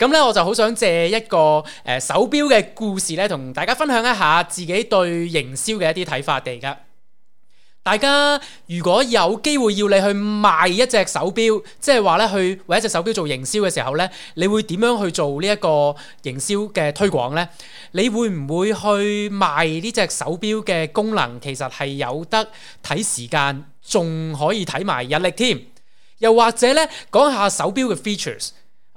咁咧，我就好想借一個誒、呃、手錶嘅故事咧，同大家分享一下自己對營銷嘅一啲睇法嚟㗎。大家如果有機會要你去賣一隻手錶，即係話咧去為一隻手錶做營銷嘅時候咧，你會點樣去做呢一個營銷嘅推廣呢？你會唔會去賣呢隻手錶嘅功能？其實係有得睇時間，仲可以睇埋日曆添。又或者咧，講下手錶嘅 features。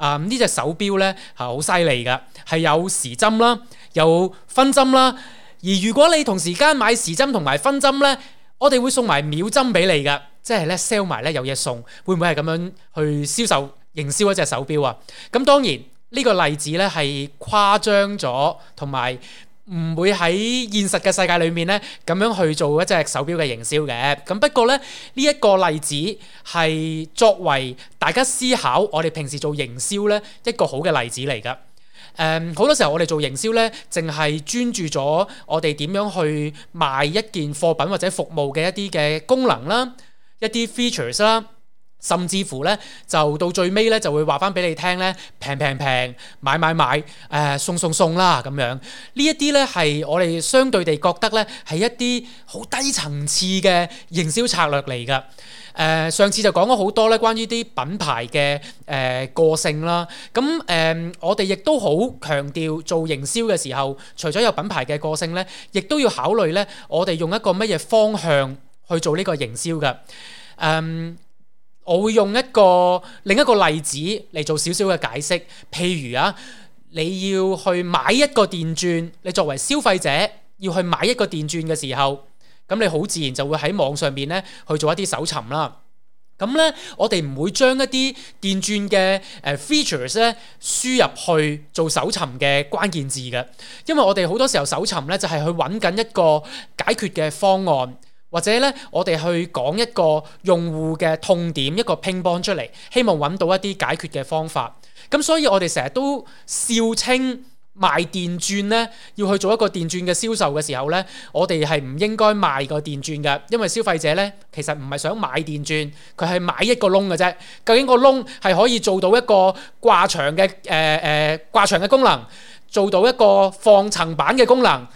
啊！呢、嗯、隻手錶咧係好犀利嘅，係、啊、有時針啦，有分針啦。而如果你同時間買時針同埋分針咧，我哋會送埋秒針俾你嘅，即係咧 sell 埋咧有嘢送，會唔會係咁樣去銷售營銷一隻手錶啊？咁當然呢、呢個例子咧係誇張咗，同埋。唔會喺現實嘅世界裏面呢，咁樣去做一隻手錶嘅營銷嘅。咁不過呢，呢，呢一個例子係作為大家思考，我哋平時做營銷呢一個好嘅例子嚟㗎。誒，嗯，好多時候我哋做營銷呢，淨係專注咗我哋點樣去賣一件貨品或者服務嘅一啲嘅功能啦，一啲 features 啦。甚至乎咧，就到最尾咧，就會話翻俾你聽咧，平平平，買買買，買，誒、呃、送送送啦咁樣。呢一啲咧係我哋相對地覺得咧係一啲好低層次嘅營銷策略嚟噶。誒、呃、上次就講咗好多咧，關於啲品牌嘅誒、呃、個性啦。咁、呃、誒，我哋亦都好強調做營銷嘅時候，除咗有品牌嘅個性咧，亦都要考慮咧，我哋用一個乜嘢方向去做呢個營銷嘅。嗯、呃。我會用一個另一個例子嚟做少少嘅解釋，譬如啊，你要去買一個電鑽，你作為消費者要去買一個電鑽嘅時候，咁你好自然就會喺網上面咧去做一啲搜尋啦。咁咧，我哋唔會將一啲電鑽嘅誒 features 咧輸入去做搜尋嘅關鍵字嘅，因為我哋好多時候搜尋咧就係去揾緊一個解決嘅方案。或者咧，我哋去講一個用戶嘅痛點，一個乒乓出嚟，希望揾到一啲解決嘅方法。咁所以我哋成日都笑稱賣電鑽呢，要去做一個電鑽嘅銷售嘅時候呢，我哋係唔應該賣個電鑽嘅，因為消費者呢，其實唔係想買電鑽，佢係買一個窿嘅啫。究竟個窿係可以做到一個掛牆嘅誒誒掛牆嘅功能，做到一個放層板嘅功能。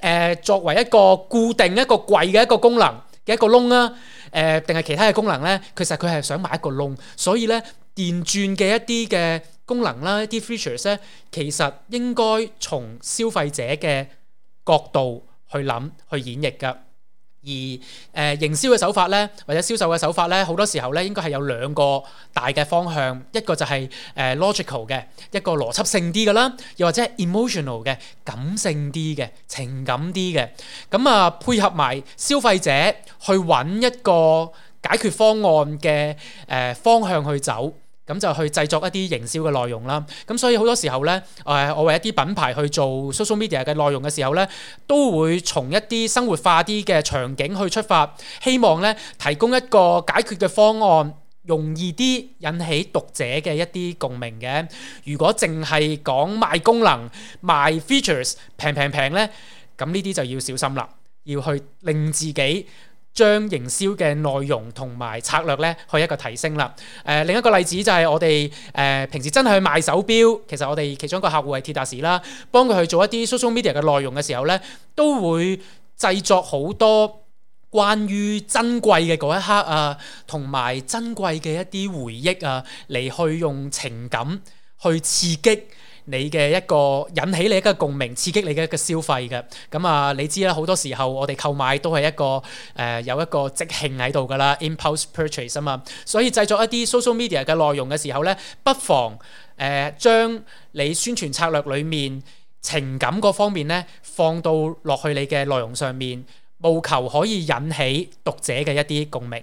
誒作為一個固定一個櫃嘅一個功能嘅一個窿啊，誒定係其他嘅功能咧，其實佢係想買一個窿，所以咧電鑽嘅一啲嘅功能啦，一啲 features 咧，其實應該從消費者嘅角度去諗去演繹㗎。而誒營銷嘅手法咧，或者銷售嘅手法咧，好多時候咧應該係有兩個大嘅方向，一個就係、是、誒、呃、logical 嘅，一個邏輯性啲嘅啦，又或者 emotional 嘅，感性啲嘅、情感啲嘅，咁、嗯、啊、呃、配合埋消費者去揾一個解決方案嘅誒、呃、方向去走。咁就去製作一啲營銷嘅內容啦。咁所以好多時候呢，誒、呃、我為一啲品牌去做 social media 嘅內容嘅時候呢，都會從一啲生活化啲嘅場景去出發，希望呢提供一個解決嘅方案，容易啲引起讀者嘅一啲共鳴嘅。如果淨係講賣功能、賣 features，平平平呢，咁呢啲就要小心啦，要去令自己。將營銷嘅內容同埋策略咧去一個提升啦。誒、呃、另一個例子就係我哋誒、呃、平時真係去賣手錶，其實我哋其中一個客戶係鐵達時啦，幫佢去做一啲 social media 嘅內容嘅時候咧，都會製作好多關於珍貴嘅嗰一刻啊，同埋珍貴嘅一啲回憶啊，嚟去用情感去刺激。你嘅一個引起你一個共鳴，刺激你嘅一個消費嘅咁啊！你知啦，好多時候我哋購買都係一個誒、呃、有一個即興喺度㗎啦，impulse purchase 啊嘛，所以製作一啲 social media 嘅內容嘅時候咧，不妨誒將、呃、你宣傳策略裏面情感嗰方面咧放到落去你嘅內容上面，務求可以引起讀者嘅一啲共鳴。